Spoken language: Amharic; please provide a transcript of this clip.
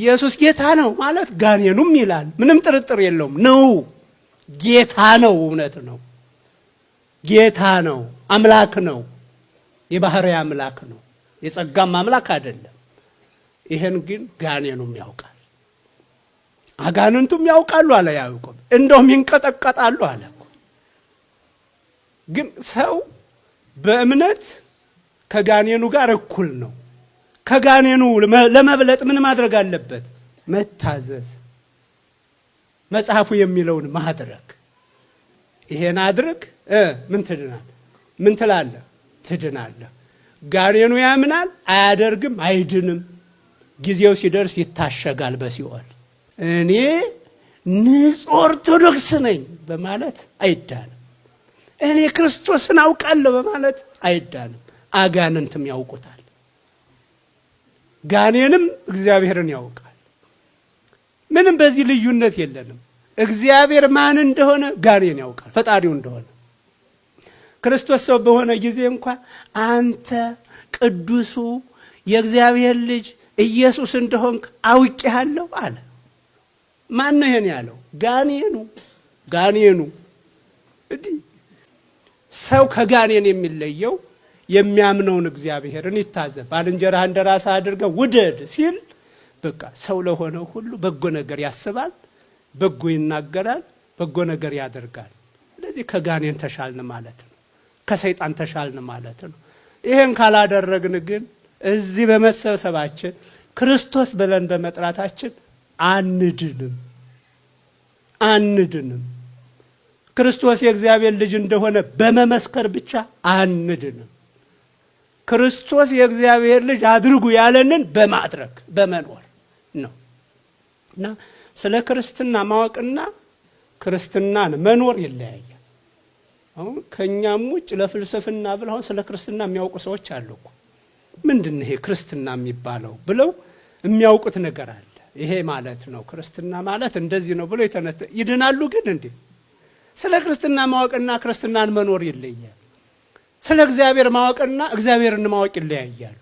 ኢየሱስ ጌታ ነው ማለት ጋኔኑም ይላል። ምንም ጥርጥር የለውም ነው። ጌታ ነው፣ እውነት ነው። ጌታ ነው፣ አምላክ ነው፣ የባህሪ አምላክ ነው፣ የጸጋም አምላክ አይደለም። ይሄን ግን ጋኔኑም ያውቃል፣ አጋንንቱም ያውቃሉ አለ ያዕቆብ። እንደውም ይንቀጠቀጣሉ አለ። ግን ሰው በእምነት ከጋኔኑ ጋር እኩል ነው። ከጋኔኑ ለመብለጥ ምን ማድረግ አለበት? መታዘዝ፣ መጽሐፉ የሚለውን ማድረግ። ይሄን አድርግ፣ ምን ትድናል? ምን ትላለህ? ትድናለህ። ጋኔኑ ያምናል፣ አያደርግም፣ አይድንም። ጊዜው ሲደርስ ይታሸጋል በሲኦል። እኔ ንጹሕ ኦርቶዶክስ ነኝ በማለት አይዳንም። እኔ ክርስቶስን አውቃለሁ በማለት አይዳንም። አጋንንትም ያውቁታል። ጋኔንም እግዚአብሔርን ያውቃል። ምንም በዚህ ልዩነት የለንም። እግዚአብሔር ማን እንደሆነ ጋኔን ያውቃል፣ ፈጣሪው እንደሆነ ክርስቶስ ሰው በሆነ ጊዜ እንኳ አንተ ቅዱሱ የእግዚአብሔር ልጅ ኢየሱስ እንደሆንክ አውቄሃለሁ አለ። ማን ነው ይሄን ያለው? ጋኔኑ ጋኔኑ። እንዲህ ሰው ከጋኔን የሚለየው የሚያምነውን እግዚአብሔርን ይታዘብ። ባልንጀራህ እንደ ራስህ አድርገህ ውደድ ሲል በቃ ሰው ለሆነ ሁሉ በጎ ነገር ያስባል፣ በጎ ይናገራል፣ በጎ ነገር ያደርጋል። ስለዚህ ከጋኔን ተሻልን ማለት ነው፣ ከሰይጣን ተሻልን ማለት ነው። ይህን ካላደረግን ግን እዚህ በመሰብሰባችን ክርስቶስ ብለን በመጥራታችን አንድንም አንድንም ክርስቶስ የእግዚአብሔር ልጅ እንደሆነ በመመስከር ብቻ አንድንም። ክርስቶስ የእግዚአብሔር ልጅ አድርጉ ያለንን በማድረግ በመኖር ነው እና ስለ ክርስትና ማወቅና ክርስትናን መኖር ይለያያል። አሁን ከእኛም ውጭ ለፍልስፍና ብለው አሁን ስለ ክርስትና የሚያውቁ ሰዎች አሉ እኮ ምንድን ይሄ ክርስትና የሚባለው ብለው የሚያውቁት ነገር አለ። ይሄ ማለት ነው ክርስትና ማለት እንደዚህ ነው ብለው ይድናሉ። ግን እንዴ ስለ ክርስትና ማወቅና ክርስትናን መኖር ይለያል። ስለ እግዚአብሔር ማወቅና እግዚአብሔርን ማወቅ ይለያያል።